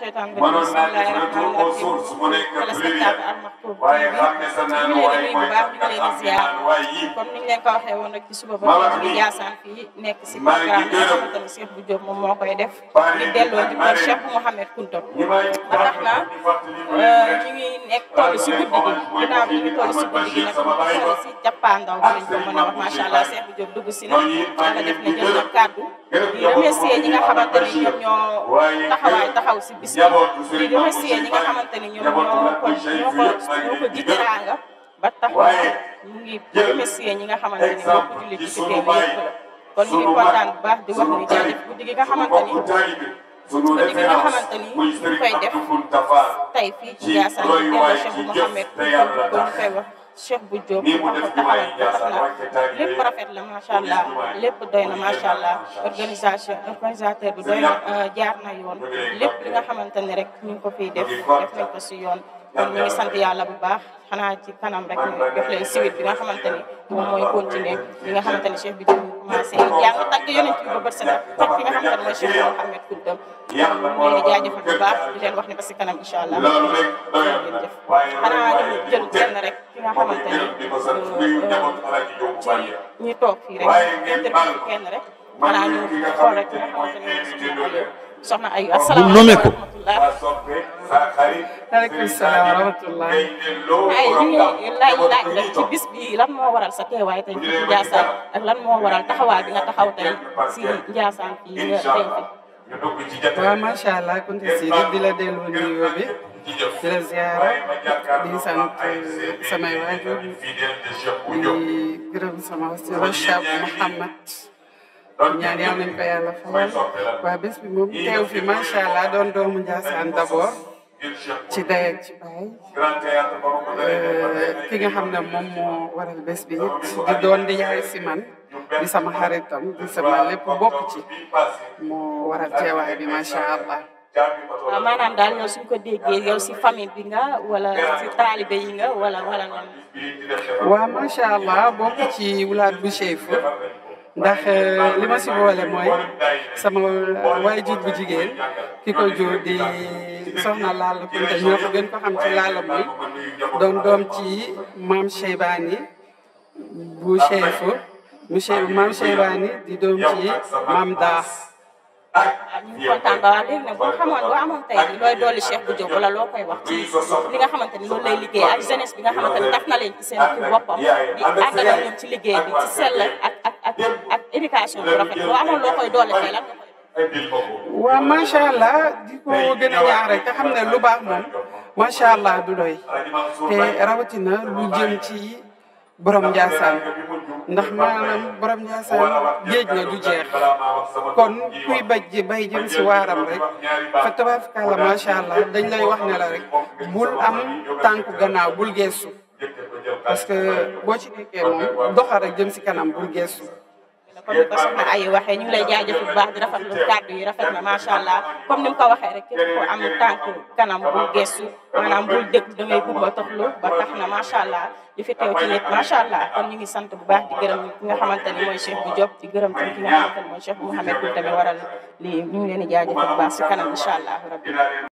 mënoon naa def retour aux sources mu nekk pluriel waaye xam ne sa naan waay mooy tax nga xam ne naan waay yi. comme ni ñu leen ko waxee woon nag ci suba ba léegi di jaasaan fii nekk si programme bi nga xamante ne Cheikh bu Diop moom moo koy def di delloo di ko Cheikh Mouhamed Kounta ba tax na ñu ngi nekk toll si guddi gi ginnaaw ñu ngi toll si guddi gi nag ñu ngi toll si jàppaandaw bi lañ ko mën a wax macha allah Cheikh bu Diop dugg si na nga def na jël na kàddu di remercier ñi nga xamante ne ñoom ñoo taxawaay taxaw si bis ñu joxe seen ñi nga xamante ni ñoom ñoo ko ñoo ko ñoo ko ji teraanga ba tax na ñu ngi remercier ñi nga xamante ni ñoo ko julli ci tey yëpp la kon ñu ngi kontaan bu baax di wax ni jaajëf guddi gi nga xamante ni guddi gi nga xamante ni ñu koy def tey fii ci Ndiassane ñu teewal Cheikh Mouhamed ko ñu koy wax Cheikh bu Diop mu am taxawaay professionnel lépp rafet la macha allah lépp doy na macha allah organisation organisateur bi doy na euh, jaar na yoon lépp li nga xamante ne rek ñu ngi ko fiy def def nañ ko si yoon. kon ñu ngi sant yàlla bu baax xanaa ci kanam rek ñu def leen siwit bi nga xamante ni moom mooy continuer bi nga xamante ni Cheikh bi Diop commencé jàng tàgg yonent bi ba bët set ak fi nga xamante ne mooy Cheikh Mouhamed Kounta ñu leen di jaajëfal bu baax di leen wax ne ba si kanam incha allah jërëjëf xanaa ñu jël nga xamante ni ñi euh, toog fii rek interview kenn rek voilà ñu xool rek nga xamante ni soxna Ayu asalaamaaleykum bu nomee ko. waaleykum salaam wa rahmatulah. ay ñu ngi lay laaj nag ci bis bi lan moo waral sa teewaay tey fii ci Ndiassane ak lan moo waral taxawaay bi nga taxaw tey si Ndiassane fii nga tey. waaw macha allah konti si di la delloo nuyoo bi. di leen ziara di sant samay waajur di gërëm sama wasila Cheikh Mouhamad ñaan yal nañ ko yàlla faral waa bés bi moom teew fi macha doon doomu Ndiassane d'abord ci day ci baay euh, ki nga xam ne moom moo waral bés bi it di doon di yaay si man sama xaritam di sama lépp bokk ci moo waral teewaay bi macha allah. maanaam daal ñoo ko déggee yow si famille bi nga wala si taalibe yi nga wala wala lan waaw macha allah bokk ci wulaat bu chef ndax eh, li ma si boole mooy sama waajur bu jigéen ki ko jur di soxna Lalla Kunta ñoo ko gën ci Lalla muy doon doom ci maam Cheybani bu chef maam Cheybani di doom ci maam Daas ñu ngi kontaan ba waa léegi nag bu ñu xamoon boo amoon tey bi looy dolli Cheikh bu Diop wala loo koy wax ci li nga xamante ni loolu lay liggéey ak jeunesse bi nga xamante ni tax na leen ci seen ci boppam di àndal ak ñoom ci liggéey bi ci sell ak ak ak ak éducation bu rafet boo amoon loo koy dolli tey lan nga koy waaw macha allah di ko gën a ñaax rek te xam ne lu baax moom macha allah du doy te rawatina lu jëm ci borom Ndiassane ndax maanaam borom Ndiassane géej na du jeex kon kuy baj ji bay jëm si waaram rek fa tabaarkalla macha allah dañ lay wax ne la rek bul am tànku gannaaw bul geesu parce que boo ci nekkee moom doxal rek jëm si kanam bul geesu kon ni ko soxna ay waxee ñu ngi lay jaajëf bu baax di rafetlu kàddu yi rafet na macha allah comme ni mu ko waxee rek képp ko am tànk kanam bul gestu maanaam bu déglu da ngay gumba toxlu ba tax na macha allah li fi teew ci nit macha allah kon ñu ngi sant bu baax di gërëm ki nga xamante ni mooy Cheikh bu Diop di gërëm tam ki nga xamante ni mooy Cheikh Mouhamed bu waral lii ñu leen di jaajëf bu baax si kanam incha allah rabbi